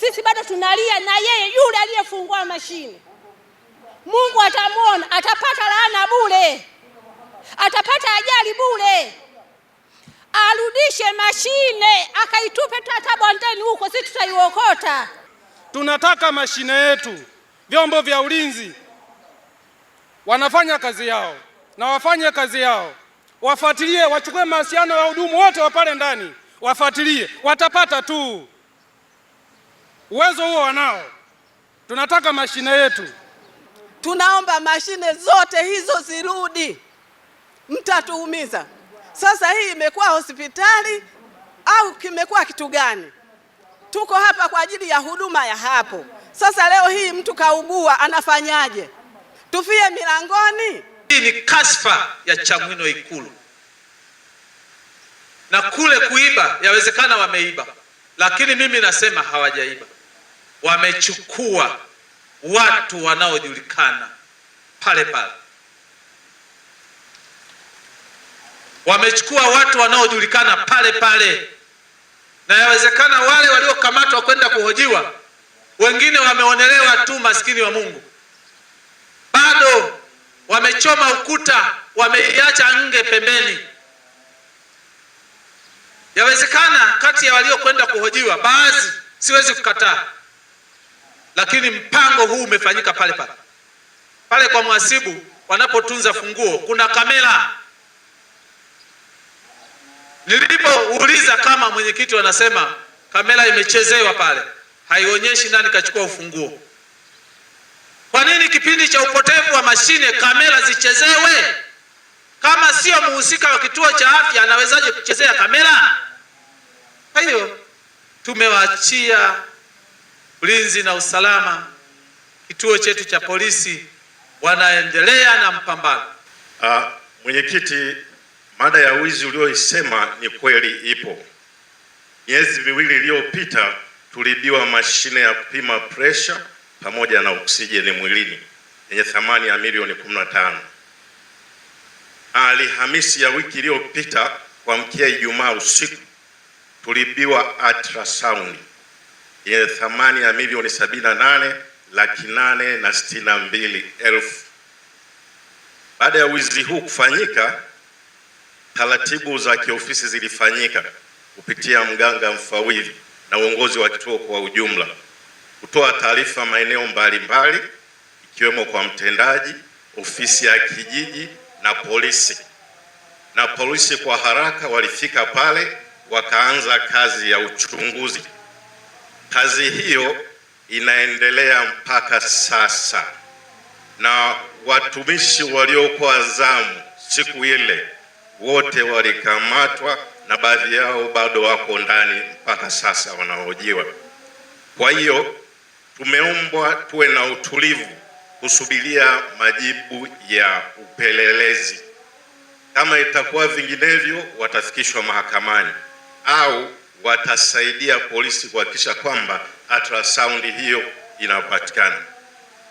sisi bado tunalia na yeye yule aliyefungua mashine. Mungu atamwona, atapata laana bure, atapata ajali bure. Arudishe mashine, akaitupe tata bondeni huko, sisi tutaiokota. Tunataka mashine yetu. Vyombo vya ulinzi wanafanya kazi yao na wafanye kazi yao, wafuatilie, wachukue mahusiano ya hudumu wote wa pale ndani, wafuatilie, watapata tu. Uwezo huo wanao, tunataka mashine yetu. Tunaomba mashine zote hizo zirudi, mtatuumiza. Sasa hii imekuwa hospitali au kimekuwa kitu gani? Tuko hapa kwa ajili ya huduma ya hapo. Sasa leo hii mtu kaugua, anafanyaje? Tufie milangoni? Hii ni kaspa ya Chamwino Ikulu, na kule kuiba, yawezekana wameiba, lakini mimi nasema hawajaiba wamechukua watu wanaojulikana pale pale, wamechukua watu wanaojulikana pale pale, na yawezekana wale waliokamatwa kwenda kuhojiwa, wengine wameonelewa tu, maskini wa Mungu, bado wamechoma ukuta, wameiacha nge pembeni. Yawezekana kati ya waliokwenda kuhojiwa baadhi, siwezi kukataa lakini mpango huu umefanyika pale pale pale kwa mhasibu wanapotunza funguo, kuna kamera. Nilipouliza kama mwenyekiti, wanasema kamera imechezewa pale, haionyeshi nani kachukua ufunguo. Kwa nini kipindi cha upotevu wa mashine kamera zichezewe? Kama sio muhusika wa kituo cha afya, anawezaje kuchezea kamera? Kwa hiyo tumewaachia ulinzi na usalama, kituo chetu cha polisi wanaendelea na mpambano. Ah, mwenyekiti, mada ya wizi ulioisema ni kweli ipo. Miezi miwili iliyopita tulibiwa mashine ya kupima presha pamoja na oksijeni mwilini yenye thamani ya milioni 15. Alhamisi ya wiki iliyopita kuamkia Ijumaa usiku tulibiwa ultrasound yenye thamani ya milioni sabini na nane laki nane na sitini na mbili elfu. Baada ya wizi huu kufanyika, taratibu za kiofisi zilifanyika kupitia mganga mfawidhi na uongozi wa kituo kwa ujumla kutoa taarifa maeneo mbalimbali ikiwemo kwa mtendaji, ofisi ya kijiji na polisi. Na polisi kwa haraka walifika pale wakaanza kazi ya uchunguzi. Kazi hiyo inaendelea mpaka sasa, na watumishi waliokuwa zamu siku ile wote walikamatwa na baadhi yao bado wako ndani mpaka sasa wanahojiwa. Kwa hiyo tumeombwa tuwe na utulivu kusubiria majibu ya upelelezi. Kama itakuwa vinginevyo, watafikishwa mahakamani au watasaidia polisi kuhakikisha kwamba ultrasound hiyo inapatikana.